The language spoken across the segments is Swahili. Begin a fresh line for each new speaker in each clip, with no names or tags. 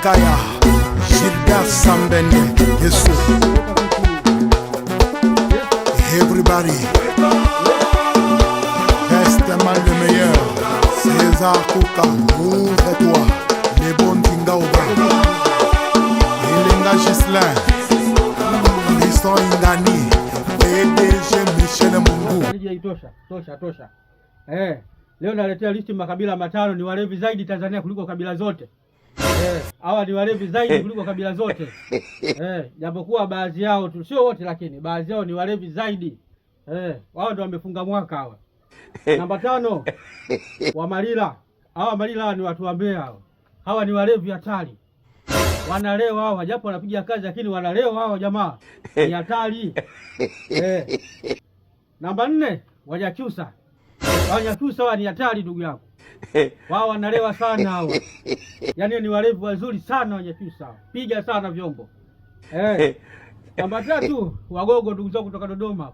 Kaya, Gilbert Sambende Yesu Everybody Reste mal le meilleur César Kouka Ouvre-toi Les bons Tinga Oba, Ilinga Gislain Christian Ingani PDG Michel Mungu Tosha, Tosha,
tosha, Eh, leo naletea listi makabila matano ni walevi zaidi Tanzania kuliko kabila zote. Eh, hawa ni walevi zaidi eh. kuliko kabila zote eh, japokuwa baadhi yao tu, sio wote, lakini baadhi yao ni walevi zaidi eh, wao ndio wamefunga mwaka hawa. Eh. Namba tano, Wamalila. Hawa Malila ni watu wa Mbeya hawa, hawa ni walevi hatari, wanalewa hawa, japo wanapiga kazi, lakini wanalewa hawa, jamaa ni hatari eh. Namba nne, Wanyakyusa. Wanyakyusa hawa ni hatari, ndugu yangu wao wanalewa sana hao, yaani ni walevi wazuri sana wenye pesa, piga sana vyombo eh. Namba tatu, Wagogo ndugu zao kutoka Dodoma,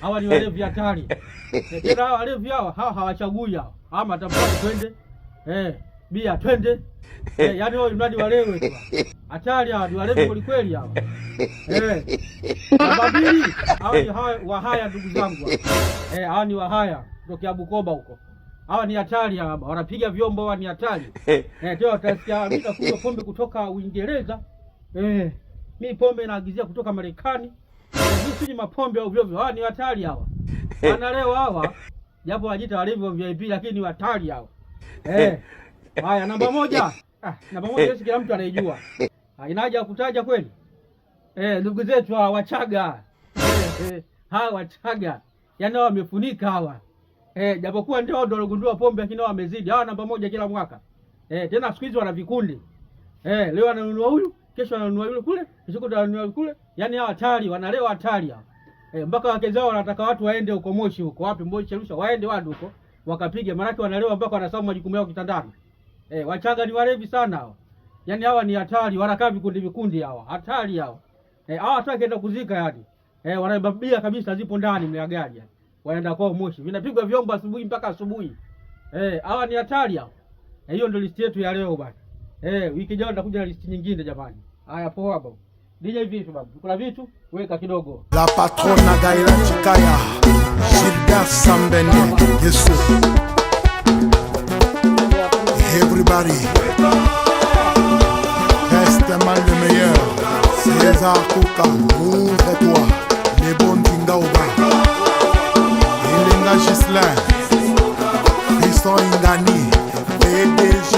hawa ni walevi hatari eh, tena. Hawa walevi hawa hawa hawachagui hao, ama tabari twende eh, bia twende eh, yaani wao mradi walewe tu, hatari hawa, ni walevi kweli kweli hawa eh. Namba mbili, hawa ni Wahaya ndugu zangu eh, hawa ni Wahaya tokea Bukoba huko hawa ni hatari, hapa, wanapiga vyombo, hawa ni hatari eh, tena utasikia Amina kunywa pombe kutoka Uingereza eh, mimi pombe naagizia kutoka Marekani, sijui mapombe au vyovyo. Hawa ni hatari hawa, wanalewa hawa, japo wajita walivyo VIP, lakini ni hatari hawa eh. Haya, namba moja ah, namba moja sisi kila mtu anaijua, ah, inaja kutaja kweli eh, ndugu zetu hawa Wachaga eh, eh, hawa Wachaga yani wamefunika hawa wa eh, japokuwa ndio ndio waligundua pombe, lakini wao wamezidi. Hawa namba moja kila mwaka eh, tena siku hizi wana vikundi eh, leo ananunua huyu, kesho ananunua yule kule, kesho kutwa ananunua kule, yaani hawa hatari, wanalewa hatari hawa eh, mpaka wake zao wanataka watu waende huko Moshi, huko wapi, Moshi Arusha, waende wadu huko wakapige, maanake wanalewa mpaka wanasahau majukumu yao kitandani. Eh, Wachaga ni walevi sana hawa, yaani hawa ni hatari, wanakaa vikundi vikundi hawa, hatari hawa eh, hawa hataki kwenda kuzika yani eh, wanaibabia kabisa, zipo ndani mle gari yani wanaenda kwao Moshi, vinapigwa vyombo asubuhi mpaka asubuhi. Eh, Hawa ni hatari hao. Eh, hiyo ndio listi yetu ya leo bwana. Eh, wiki ijayo nitakuja na listi nyingine jamani. Haya poa baba. Dija hivi vitu baba. Kuna vitu weka kidogo.
La patrona Gaila Chikaya. Shida sambeni Yesu. Everybody. Everybody. Yes, the man the mayor. Cesar It is